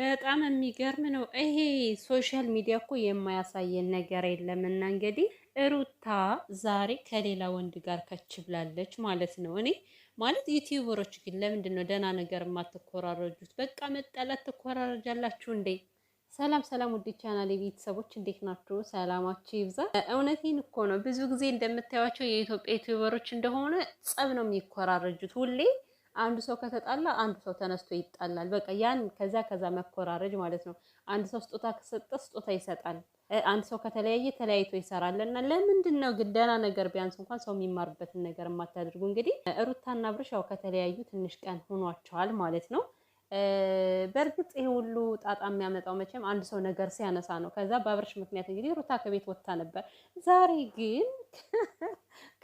በጣም የሚገርም ነው ይሄ። ሶሻል ሚዲያ እኮ የማያሳየን ነገር የለም። እና እንግዲህ ሩታ ዛሬ ከሌላ ወንድ ጋር ከች ብላለች ማለት ነው። እኔ ማለት ዩቲዩበሮች ግን ለምንድን ነው ደህና ነገር የማትኮራረጁት? በቃ መጠላት ትኮራረጃላችሁ እንዴ? ሰላም ሰላም፣ ውድ ቻናል የቤተሰቦች እንዴት ናችሁ? ሰላማችሁ ይብዛ። እውነቴን እኮ ነው። ብዙ ጊዜ እንደምታዩቸው የኢትዮጵያ ዩቲዩበሮች እንደሆነ ጸብ ነው የሚኮራረጁት ሁሌ አንዱ ሰው ከተጣላ አንዱ ሰው ተነስቶ ይጣላል። በቃ ያን ከዛ ከዛ መኮራረጅ ማለት ነው። አንድ ሰው ስጦታ ከሰጠ ስጦታ ይሰጣል። አንድ ሰው ከተለያየ ተለያይቶ ይሰራል። እና ለምንድን ነው ግን ደህና ነገር ቢያንስ እንኳን ሰው የሚማርበትን ነገር የማታደርጉ? እንግዲህ ሩታና አብርሽ ያው ከተለያዩ ትንሽ ቀን ሆኗቸዋል ማለት ነው። በእርግጥ ይሄ ሁሉ ጣጣ የሚያመጣው መቼም አንድ ሰው ነገር ሲያነሳ ነው። ከዛ በአብርሽ ምክንያት እንግዲህ ሩታ ከቤት ወጥታ ነበር። ዛሬ ግን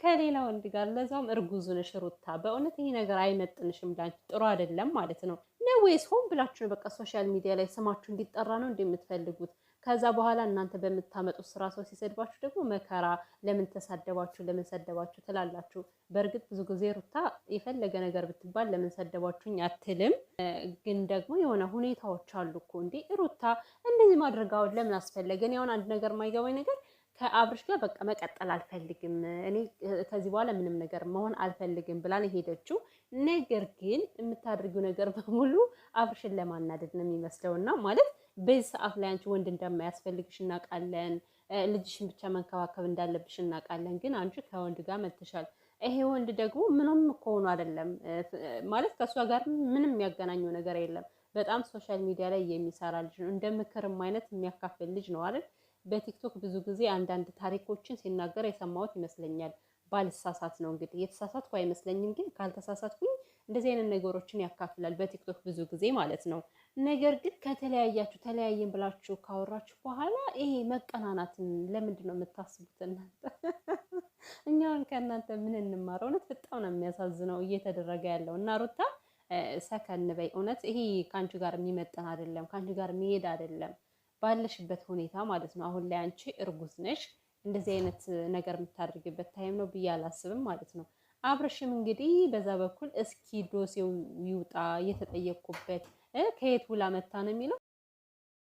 ከሌላ ወንድ ጋር ለዛውም እርጉዝ ነሽ ሩታ፣ በእውነት ይሄ ነገር አይመጥንሽም፣ ላንቺ ጥሩ አይደለም ማለት ነው። ወይስ ሆን ብላችሁ ነው በቃ ሶሻል ሚዲያ ላይ ስማችሁ እንዲጠራ ነው እንደምትፈልጉት? ከዛ በኋላ እናንተ በምታመጡት ስራ ሰው ሲሰድባችሁ ደግሞ መከራ ለምን ተሳደባችሁ፣ ለምን ሰደባችሁ ትላላችሁ። በእርግጥ ብዙ ጊዜ ሩታ የፈለገ ነገር ብትባል ለምን ሰደባችሁኝ አትልም። ግን ደግሞ የሆነ ሁኔታዎች አሉ እኮ እንዴ ሩታ እንደዚህ ማድረግ አሁን ለምን አስፈለገን? የሆነ አንድ ነገር የማይገባኝ ነገር ከአብርሽ ጋር በቃ መቀጠል አልፈልግም፣ እኔ ከዚህ በኋላ ምንም ነገር መሆን አልፈልግም ብላን የሄደችው። ነገር ግን የምታደርጊው ነገር በሙሉ አብርሽን ለማናደድ ነው የሚመስለውና ማለት በዚህ ሰዓት ላይ አንቺ ወንድ እንደማያስፈልግሽ እናውቃለን፣ ልጅሽን ብቻ መንከባከብ እንዳለብሽ እናውቃለን። ግን አንቺ ከወንድ ጋር መጥተሻል። ይሄ ወንድ ደግሞ ምንም ከሆኑ አይደለም ማለት ከእሷ ጋር ምንም የሚያገናኘው ነገር የለም። በጣም ሶሻል ሚዲያ ላይ የሚሰራ ልጅ ነው፣ እንደ ምክርም አይነት የሚያካፍል ልጅ ነው አይደል በቲክቶክ ብዙ ጊዜ አንዳንድ ታሪኮችን ሲናገር የሰማሁት ይመስለኛል። ባልሳሳት ነው እንግዲህ የተሳሳትኩ አይመስለኝም፣ ግን ካልተሳሳትኩኝ እንደዚህ አይነት ነገሮችን ያካፍላል በቲክቶክ ብዙ ጊዜ ማለት ነው። ነገር ግን ከተለያያችሁ ተለያየን ብላችሁ ካወራችሁ በኋላ ይሄ መቀናናትን ለምንድን ነው የምታስቡት እናንተ? እኛውን ከእናንተ ምን እንማረው? እውነት በጣም ነው የሚያሳዝነው እየተደረገ ያለው እና ሩታ ሰከን በይ እውነት ይሄ ከአንቺ ጋር የሚመጠን አይደለም፣ ከአንቺ ጋር የሚሄድ አይደለም። ባለሽበት ሁኔታ ማለት ነው። አሁን ላይ አንቺ እርጉዝ ነሽ። እንደዚህ አይነት ነገር የምታደርግበት ታይም ነው ብዬ አላስብም ማለት ነው። አብረሽም እንግዲህ በዛ በኩል እስኪ ዶሴው ይውጣ እየተጠየቅኩበት ከየት ውላ መታ ነው የሚለው